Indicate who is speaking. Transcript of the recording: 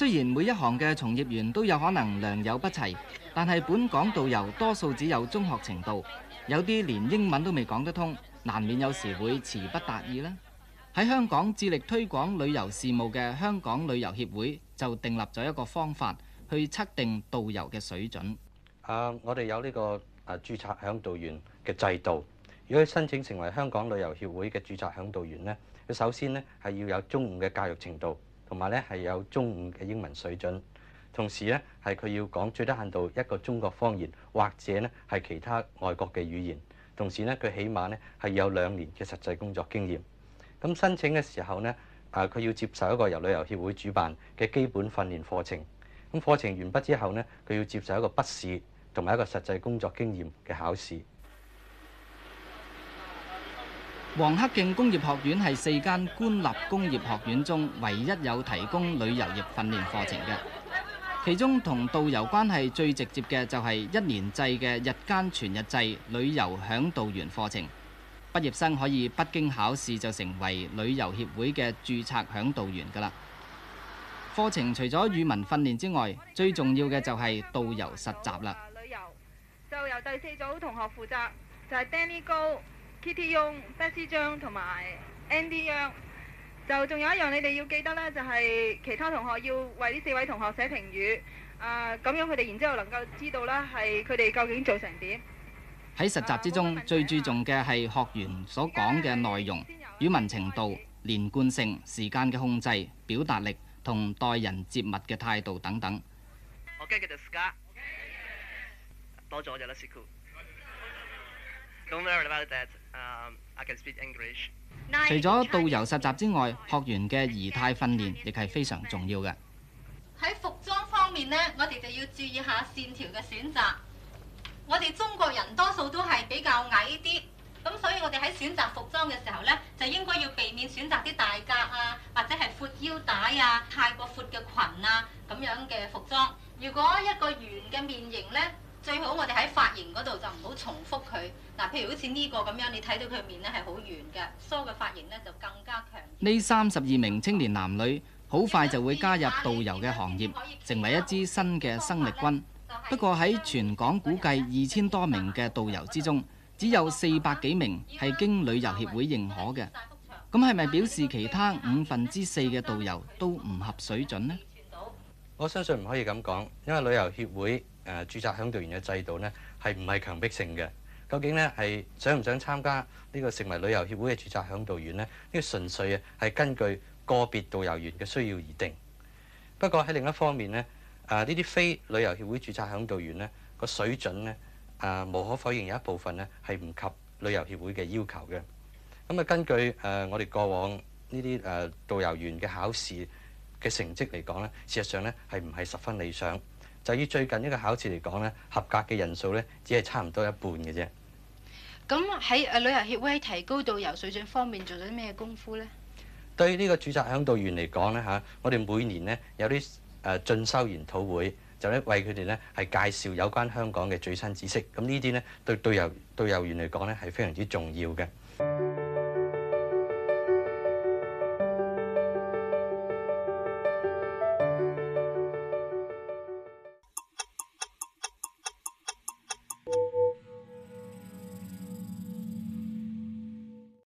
Speaker 1: 雖然每一行嘅從業員都有可能良莠不齊，但係本港導遊多數只有中學程度，有啲連英文都未講得通，難免有時會詞不達意呢。喺香港致力推廣旅遊事務嘅香港旅遊協會就訂立咗一個方法去測
Speaker 2: 定導遊嘅水準。啊，我哋有呢個啊註冊嚮導員嘅制度，如果申請成為香港旅遊協會嘅註冊嚮導員咧，佢首先咧係要有中五嘅教育程度。同埋咧係有中五嘅英文水準，同時咧係佢要講最低限度一個中國方言，或者咧係其他外國嘅語言。同時咧佢起碼咧係有兩年嘅實際工作經驗。咁申請嘅時候咧，啊佢要接受一個由旅遊協會主辦嘅基本訓練課程。咁課程完畢之後咧，佢要接受一個筆試同埋一個實際工作經驗嘅考試。
Speaker 1: 黃克競工業學院係四間官立工業學院中唯一有提供旅遊業訓練課程嘅，其中同導遊關係最直接嘅就係一年制嘅日間全日制旅遊嚮導員課程，畢業生可以不經考試就成為旅遊協會嘅註冊嚮導員㗎喇。課程除咗語文訓練之外，最重要嘅就係導遊實習啦。旅遊就由
Speaker 3: 第四組同學負責，就係 Danny Go。Kitty Young、Bessy Zhang 同埋 Andy Young，就仲有一樣你哋要記得咧，就係其他同學要為呢四位同學寫評語。啊，咁樣佢哋然之後能夠知道咧，係佢哋究竟做成點。
Speaker 1: 喺實習之中，最注重嘅係學員所講嘅內容、語文程度、連貫性、時間嘅控制、表達力同待人接物嘅態度等等。
Speaker 3: 我驚嘅就係，多謝我哋啦，司庫。
Speaker 1: 除咗導遊實習之外，學員嘅儀態訓練亦係非常重要嘅。
Speaker 3: 喺服裝方面呢，我哋就要注意下線條嘅選擇。我哋中國人多數都係比較矮啲，咁所以我哋喺選擇服裝嘅時候呢，就應該要避免選擇啲大格啊，或者係闊腰帶啊、太過闊嘅裙啊咁樣嘅服裝。如果一個圓嘅面型呢，最好我哋喺髮型嗰度就唔好重複佢嗱，譬如好似呢個咁樣，你睇到佢面呢係好圓嘅，梳嘅髮型呢就更加
Speaker 1: 強。呢三十二名青年男女好快就會加入導遊嘅行業，成為一支新嘅生力軍。不過喺全港估計二千多名嘅導遊之中，只有四百幾名係經旅遊協會認可嘅。咁係咪表示其他五分之四嘅導遊都唔合水準呢？
Speaker 2: 我相信唔可以咁講，因為旅遊協會，誒註冊嚮導員嘅制度呢係唔係強迫性嘅？究竟呢係想唔想參加呢個成為旅遊協會嘅註冊嚮導員呢？呢個純粹啊，係根據個別導遊員嘅需要而定。不過喺另一方面呢，誒呢啲非旅遊協會註冊嚮導員呢個水準呢，誒、啊、無可否認有一部分呢係唔及旅遊協會嘅要求嘅。咁啊，根據誒我哋過往呢啲誒導遊員嘅考試嘅成績嚟講呢，事實上呢係唔係十分理想。對於最近呢個考試嚟講咧，合格嘅人數咧，只係差唔多一半嘅啫。
Speaker 3: 咁喺誒旅遊協會提高導遊水準方面做咗啲咩功夫咧？
Speaker 2: 對於呢個註冊嚮導員嚟講咧嚇，我哋每年咧有啲誒進修研討會，就咧為佢哋咧係介紹有關香港嘅最新知識。咁呢啲咧對導遊導遊員嚟講咧係非常之重要嘅。